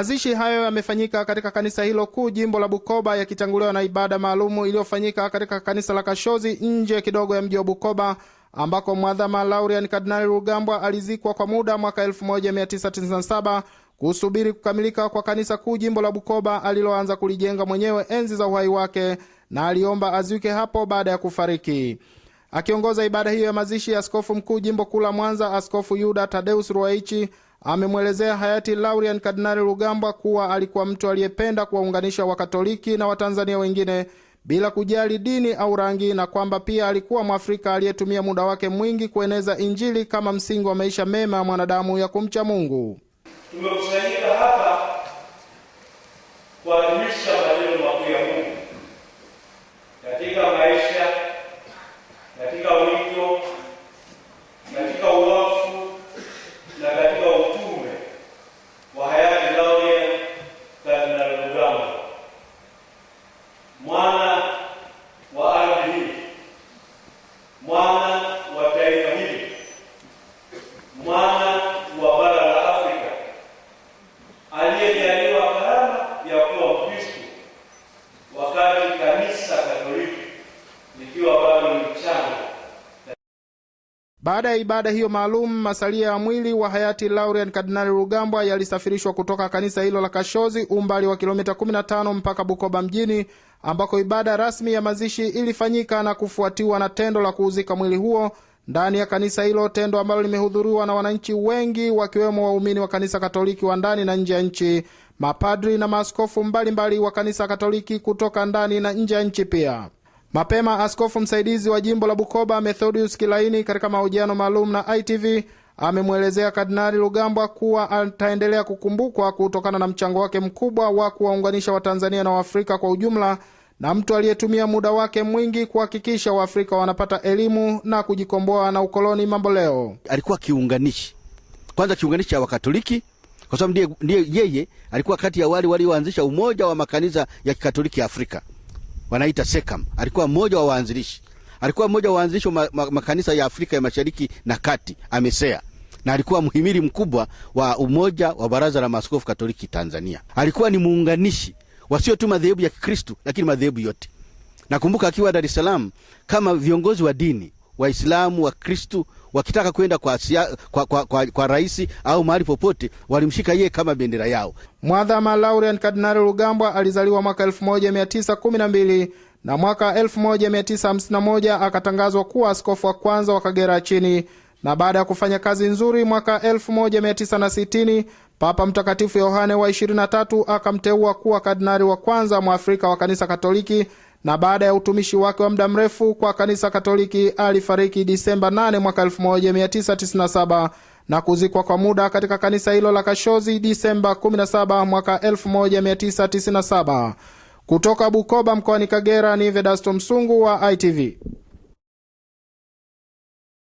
Mazishi hayo yamefanyika katika kanisa hilo kuu jimbo la Bukoba, yakitanguliwa na ibada maalumu iliyofanyika katika kanisa la Kashozi nje kidogo ya mji wa Bukoba ambako mwadhama Laurian Kardinali Rugambwa alizikwa kwa muda mwaka 1997 kusubiri kukamilika kwa kanisa kuu jimbo la Bukoba aliloanza kulijenga mwenyewe enzi za uhai wake, na aliomba aziwike hapo baada ya kufariki. Akiongoza ibada hiyo ya mazishi ya askofu mkuu jimbo kuu la Mwanza, Askofu Yuda Tadeus ruaichi amemwelezea hayati Laurian Kardinali Rugambwa kuwa alikuwa mtu aliyependa kuwaunganisha Wakatoliki na Watanzania wengine bila kujali dini au rangi na kwamba pia alikuwa Mwafrika aliyetumia muda wake mwingi kueneza Injili kama msingi wa maisha mema ya mwanadamu ya kumcha Mungu. Tumekusanyika hapa kuadhimisha maneno makuu ya Mungu Baada ya ibada hiyo maalum, masalia ya mwili wa hayati Laurian Kardinali Rugambwa yalisafirishwa kutoka kanisa hilo la Kashozi, umbali wa kilomita 15 mpaka Bukoba mjini ambako ibada rasmi ya mazishi ilifanyika na kufuatiwa na tendo la kuuzika mwili huo ndani ya kanisa hilo, tendo ambalo limehudhuriwa na wananchi wengi wakiwemo waumini wa kanisa Katoliki wa ndani na nje ya nchi, mapadri na maaskofu mbalimbali wa kanisa Katoliki kutoka ndani na nje ya nchi pia. Mapema askofu msaidizi wa jimbo la Bukoba Methodius Kilaini katika mahojiano maalum na ITV amemwelezea Kardinali lugambwa kuwa ataendelea kukumbukwa kutokana na mchango wake mkubwa wa kuwaunganisha Watanzania na Waafrika kwa ujumla na mtu aliyetumia muda wake mwingi kuhakikisha Waafrika wanapata elimu na kujikomboa na ukoloni leo. Alikuwa kiunganishi, kwanza kiunganishi cha Wakatoliki kwa sababu ndiye, ndiye yeye alikuwa kati ya wale walioanzisha umoja wa makanisa ya Kikatoliki Afrika wanaita Sekam, alikuwa mmoja wa waanzilishi, alikuwa mmoja wa waanzilishi wa makanisa ya Afrika ya Mashariki na Kati, amesea na alikuwa mhimili mkubwa wa umoja wa Baraza la Maaskofu Katoliki Tanzania. Alikuwa ni muunganishi wasio tu madhehebu ya Kikristu lakini madhehebu yote. Nakumbuka akiwa Dar es Salaam kama viongozi wa dini Waislamu, Wakristu wakitaka kwenda kwa, kwa, kwa, kwa, kwa rais au mahali popote, walimshika yeye kama bendera yao. Mwadhama Laurian Kardinali Rugambwa alizaliwa mwaka 1912 na mwaka 1951 akatangazwa kuwa askofu wa kwanza wa Kagera chini, na baada ya kufanya kazi nzuri mwaka 1960 Papa Mtakatifu Yohane wa 23 akamteua kuwa kardinali wa kwanza mwa Afrika wa Kanisa Katoliki na baada ya utumishi wake wa muda mrefu kwa kanisa Katoliki alifariki Disemba 8 mwaka 1997 na kuzikwa kwa muda katika kanisa hilo la Kashozi Disemba 17 mwaka 1997. Kutoka Bukoba mkoani Kagera ni Vedasto Msungu wa ITV.